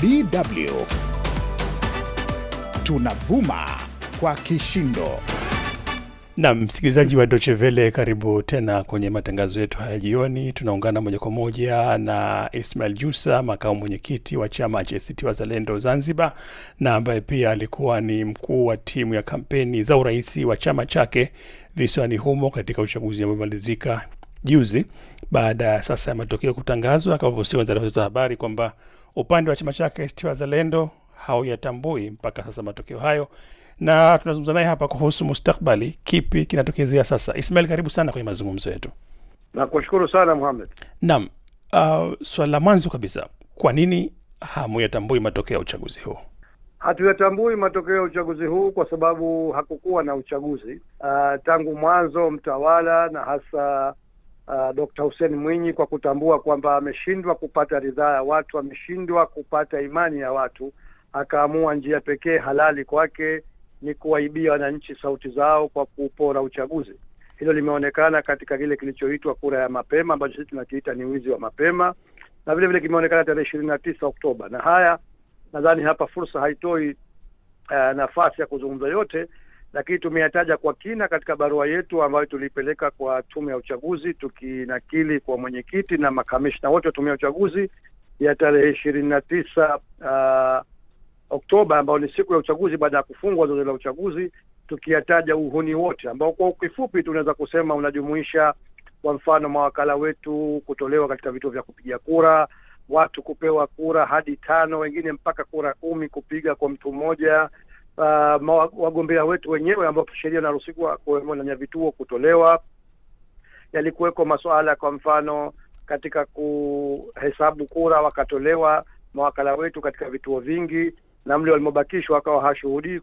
DW tunavuma kwa kishindo. Na msikilizaji wa Deutsche Welle, karibu tena kwenye matangazo yetu haya jioni. Tunaungana moja kwa moja na Ismail Jusa, makamu mwenyekiti wa chama cha ACT Wazalendo Zanzibar, na ambaye pia alikuwa ni mkuu wa timu ya kampeni za urais wa chama chake visiwani humo katika uchaguzi uliomalizika juzi, baada ya sasa ya matokeo kutangazwa. Kama ulivyosikia taarifa za habari kwamba Upande wa chama chake ACT Wazalendo hauyatambui mpaka sasa matokeo hayo, na tunazungumza naye hapa kuhusu mustakbali, kipi kinatokezea sasa. Ismail, karibu sana kwenye mazungumzo yetu. Nakushukuru sana Muhammad. Naam, uh, swala la mwanzo kabisa, kwa nini hamuyatambui matokeo ya uchaguzi huu? Hatuyatambui matokeo ya uchaguzi huu kwa sababu hakukuwa na uchaguzi uh, tangu mwanzo mtawala na hasa uh, Dr. Hussein Mwinyi kwa kutambua kwamba ameshindwa kupata ridhaa ya watu, ameshindwa kupata imani ya watu, akaamua njia pekee halali kwake ni kuwaibia wananchi sauti zao kwa kupora uchaguzi. Hilo limeonekana katika kile kilichoitwa kura ya mapema ambacho sisi tunakiita ni wizi wa mapema, na vile vile kimeonekana tarehe ishirini na tisa Oktoba. Na haya nadhani hapa fursa haitoi uh, nafasi ya kuzungumza yote lakini tumeyataja kwa kina katika barua yetu ambayo tuliipeleka kwa tume ya uchaguzi tukinakili kwa mwenyekiti na makamishna wote wa tume ya uchaguzi ya tarehe ishirini na tisa uh, Oktoba ambayo ni siku ya uchaguzi baada ya kufungwa zoezi la uchaguzi, tukiyataja uhuni wote ambao kwa kifupi tunaweza kusema unajumuisha kwa mfano mawakala wetu kutolewa katika vituo vya kupiga kura, watu kupewa kura hadi tano, wengine mpaka kura kumi kupiga kwa mtu mmoja uh, wagombea wetu wenyewe ambao sheria inaruhusiwa kuwemo ndani ya vituo kutolewa. Yalikuweko masuala kwa mfano katika kuhesabu kura, wakatolewa mawakala wetu katika vituo vingi, na mle walimobakishwa wakawa hashuhudii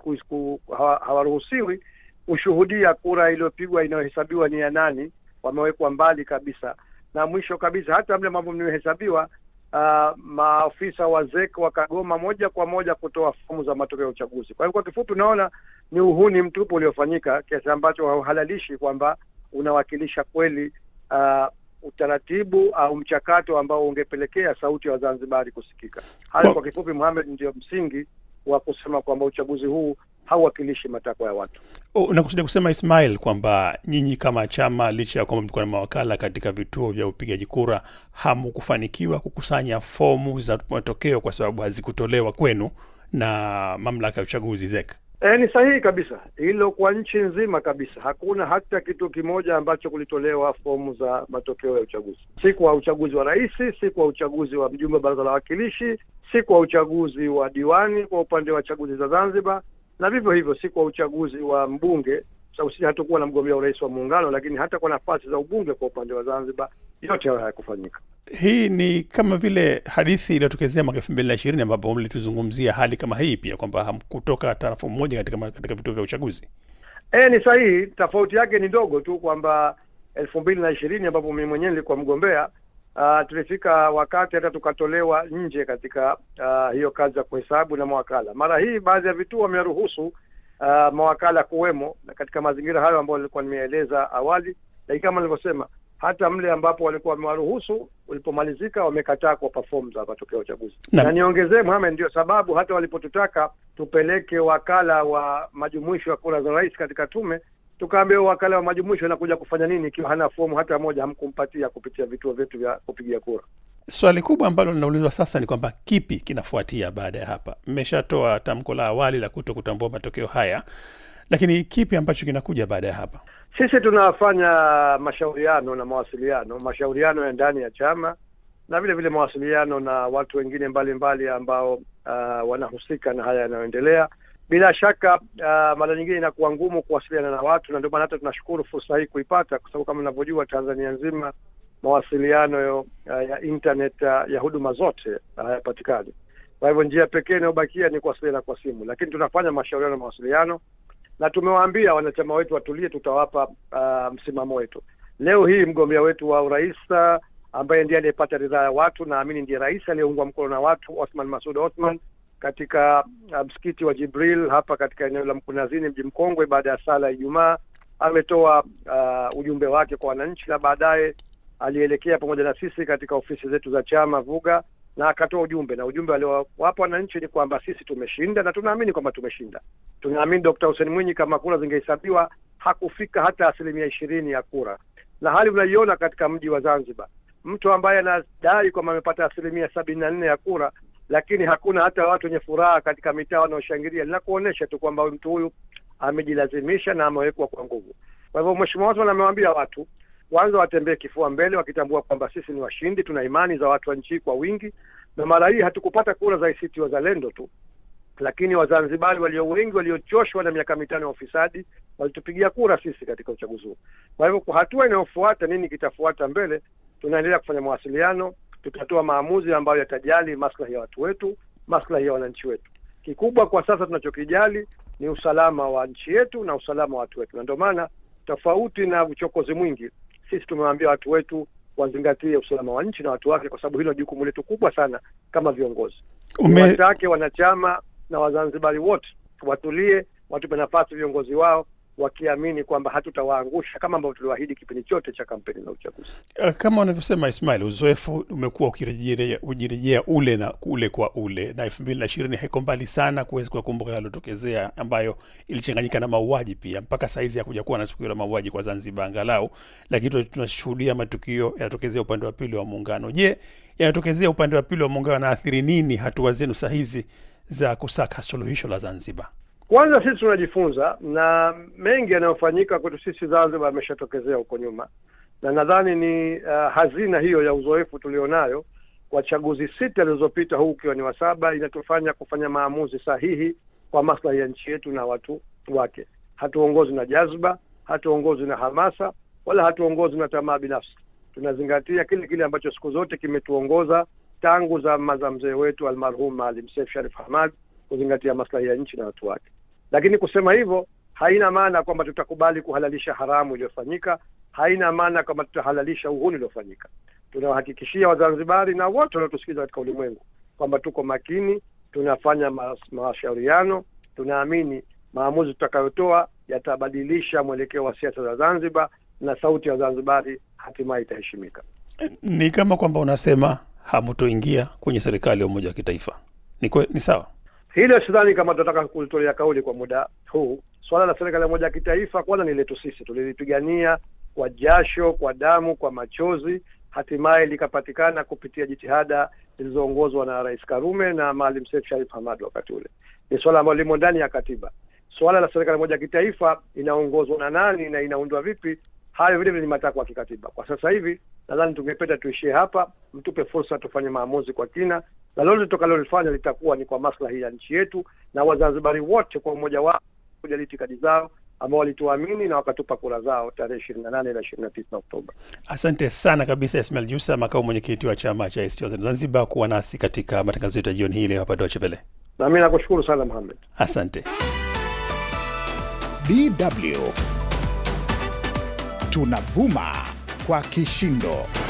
hawaruhusiwi kushuhudia kura iliyopigwa inayohesabiwa ni ya nani, wamewekwa mbali kabisa. Na mwisho kabisa, hata mle mambo mnayohesabiwa uh, maafisa wa ZEC wakagoma moja kwa moja kutoa fomu za matokeo ya uchaguzi. Kwa hiyo kwa kifupi, unaona ni uhuni mtupu uliofanyika kiasi ambacho hauhalalishi kwamba unawakilisha kweli uh, utaratibu au uh, mchakato ambao ungepelekea sauti ya wa Wazanzibari kusikika. Hayo kwa kifupi, Mohamed, ndio msingi wa kusema kwamba uchaguzi huu hauwakilishi matakwa ya watu. Oh, nakusudia kusema Ismail, kwamba nyinyi kama chama, licha ya kwamba mlikuwa na mawakala katika vituo vya upigaji kura, hamukufanikiwa kukusanya fomu za matokeo kwa sababu hazikutolewa kwenu na mamlaka ya uchaguzi zek E, ni sahihi kabisa hilo, kwa nchi nzima kabisa. Hakuna hata kitu kimoja ambacho kulitolewa fomu za matokeo ya uchaguzi, si kwa uchaguzi wa rahisi si kwa uchaguzi wa mjumbe wa baraza la wakilishi si kwa uchaguzi wa diwani, kwa upande wa chaguzi za Zanzibar na vivyo hivyo si kwa uchaguzi wa mbunge, sababu sisi hatukuwa na mgombea urais wa muungano, lakini hata kwa nafasi za ubunge kwa upande wa Zanzibar yote hayo hayakufanyika. Hii ni kama vile hadithi iliyotokezea mwaka elfu mbili na ishirini ambapo mlituzungumzia hali kama hii pia kwamba hamkutoka tarafu moja katika katika vituo vya uchaguzi. E, ni sahihi. Tofauti yake ni ndogo tu kwamba elfu mbili na ishirini ambapo mimi mwenyewe nilikuwa mgombea uh, tulifika wakati hata tukatolewa nje katika uh, hiyo kazi ya kuhesabu na mawakala. Mara hii baadhi ya vituo wameruhusu uh, mawakala kuwemo katika mazingira hayo ambayo nilikuwa nimeeleza awali, lakini kama nilivyosema hata mle ambapo walikuwa wamewaruhusu ulipomalizika wamekataa kwa perform za matokeo ya uchaguzi. Na niongezee Mohamed, ndio sababu hata walipotutaka tupeleke wakala wa majumuisho ya kura za rais katika tume tukaambia wakala wa majumuisho anakuja kufanya nini ikiwa hana fomu hata moja hamkumpatia kupitia vituo vyetu vya kupigia kura. Swali kubwa ambalo linaulizwa sasa ni kwamba kipi kinafuatia baada ya hapa? Mmeshatoa tamko la awali la kuto kutambua matokeo haya, lakini kipi ambacho kinakuja baada ya hapa? Sisi tunafanya mashauriano na mawasiliano, mashauriano ya ndani ya chama na vile vile mawasiliano na watu wengine mbalimbali mbali ambao uh, wanahusika na haya yanayoendelea bila shaka uh, mara nyingine inakuwa ngumu kuwasiliana na watu, na ndio maana hata tunashukuru fursa hii kuipata, kwa sababu kama unavyojua Tanzania nzima mawasiliano yo, uh, ya internet uh, ya huduma zote hayapatikani. Uh, kwa hivyo njia pekee inayobakia ni kuwasiliana kwa simu, lakini tunafanya mashauriano ya mawasiliano na tumewaambia wanachama wetu watulie, tutawapa uh, msimamo wetu. Leo hii mgombea wetu wa urais uh, ambaye ndiye aliyepata ridhaa ya watu, naamini ndiye rais aliyeungwa mkono na watu, Othman Masud Othman katika uh, msikiti wa Jibril hapa katika eneo la Mkunazini, mji mkongwe, baada ya sala ya Ijumaa. Ametoa uh, ujumbe wake kwa wananchi, na baadaye alielekea pamoja na sisi katika ofisi zetu za chama Vuga na akatoa ujumbe, na ujumbe aliowapa wananchi ni kwamba sisi tumeshinda na tunaamini kwamba tumeshinda. Tunaamini d Hussein Mwinyi kama kura zingehesabiwa hakufika hata asilimia ishirini ya kura, na hali unaiona katika mji wa Zanzibar, mtu ambaye anadai kwamba amepata asilimia sabini na nne ya kura lakini hakuna hata watu wenye furaha katika mitaa wanaoshangilia. Linakuonyesha tu kwamba mtu huyu amejilazimisha na amewekwa kwa nguvu. Kwa hivyo, Mheshimiwa Othman amewaambia watu kwanza watembee kifua mbele, wakitambua kwamba sisi ni washindi, tuna imani za watu wa nchi kwa wingi, na mara hii hatukupata kura za ACT Wazalendo tu lakini Wazanzibari walio wengi waliochoshwa na miaka mitano ya ufisadi walitupigia kura sisi katika uchaguzi huu. Kwa hivyo, kwa hatua inayofuata, nini kitafuata mbele, tunaendelea kufanya mawasiliano tutatoa maamuzi ambayo yatajali maslahi ya watu wetu, maslahi ya wananchi wetu. Kikubwa kwa sasa tunachokijali ni usalama wa nchi yetu na usalama wa watu wetu, na ndio maana tofauti na uchokozi mwingi, sisi tumewaambia watu wetu wazingatie usalama wa nchi na watu wake, kwa sababu hilo ni jukumu letu kubwa sana kama viongozi. Watake wanachama na Wazanzibari wote watulie, watupe nafasi viongozi wao wakiamini kwamba hatutawaangusha kama ambavyo tuliwaahidi kipindi chote cha kampeni za uchaguzi. Eh, kama wanavyosema Ismail, uzoefu umekuwa ukijirejea ule na ule kwa ule, na elfu mbili na ishirini haiko mbali sana kuwezi kuwakumbuka yalotokezea, ambayo ilichanganyika na mauaji pia. Mpaka sahizi hakuja kuwa na tukio la mauaji kwa Zanzibar angalau, lakini tunashuhudia matukio yanatokezea upande wa pili wa muungano. Je, yanatokezea upande wa pili wa muungano yanaathiri nini hatua zenu sahizi za kusaka suluhisho la Zanzibar? Kwanza sisi tunajifunza na mengi yanayofanyika kwetu sisi Zanzibar ameshatokezea huko nyuma, na nadhani ni uh, hazina hiyo ya uzoefu tulionayo kwa chaguzi sita zilizopita, huu ukiwa ni wa saba, inatufanya kufanya maamuzi sahihi kwa maslahi ya nchi yetu na watu wake. Hatuongozi na jazba, hatuongozi na hamasa, wala hatuongozi na tamaa binafsi. Tunazingatia kile kile ambacho siku zote kimetuongoza tangu zama za mzee wetu almarhum Maalim Seif Sharif Hamad, kuzingatia maslahi ya nchi na watu wake. Lakini kusema hivyo haina maana kwamba tutakubali kuhalalisha haramu iliyofanyika, haina maana kwamba tutahalalisha uhuni uliofanyika. Tunawahakikishia Wazanzibari na wote wanaotusikiliza katika ulimwengu kwamba tuko makini, tunafanya mashauriano. Tunaamini maamuzi tutakayotoa yatabadilisha mwelekeo wa siasa za Zanzibar na sauti ya Zanzibari hatimaye itaheshimika. Ni kama kwamba unasema hamutoingia kwenye serikali ya umoja wa kitaifa. Ni, ni sawa? Hilo sidhani kama tunataka kulitolea kauli kwa muda huu. Swala la serikali ya moja ya kitaifa kwanza ni letu sisi, tulilipigania kwa jasho, kwa damu, kwa machozi, hatimaye likapatikana kupitia jitihada zilizoongozwa na Rais Karume na Maalim sef Sharif Hamad. Wakati ule ni swala ambalo limo ndani ya katiba. Swala la serikali moja ya kitaifa inaongozwa na nani na inaundwa vipi, hayo vile vile ni matakwa ya kikatiba. Kwa sasa hivi nadhani tungependa tuishie hapa, mtupe fursa tufanye maamuzi kwa kina lolote tutakalolifanya litakuwa ni kwa maslahi ya nchi yetu na Wazanzibari wote kwa umoja wao kujali itikadi zao ambao walituamini na wakatupa kura zao tarehe ishirini na nane na ishirini na tisa Oktoba. Asante sana kabisa Ismail Jusa, makamu mwenyekiti wa chama cha ACT Zanzibar, kuwa nasi katika matangazo yetu ya jioni hii leo hapa Deutsche Welle. Na mi nakushukuru sana Mohamed, asante. DW tunavuma kwa kishindo.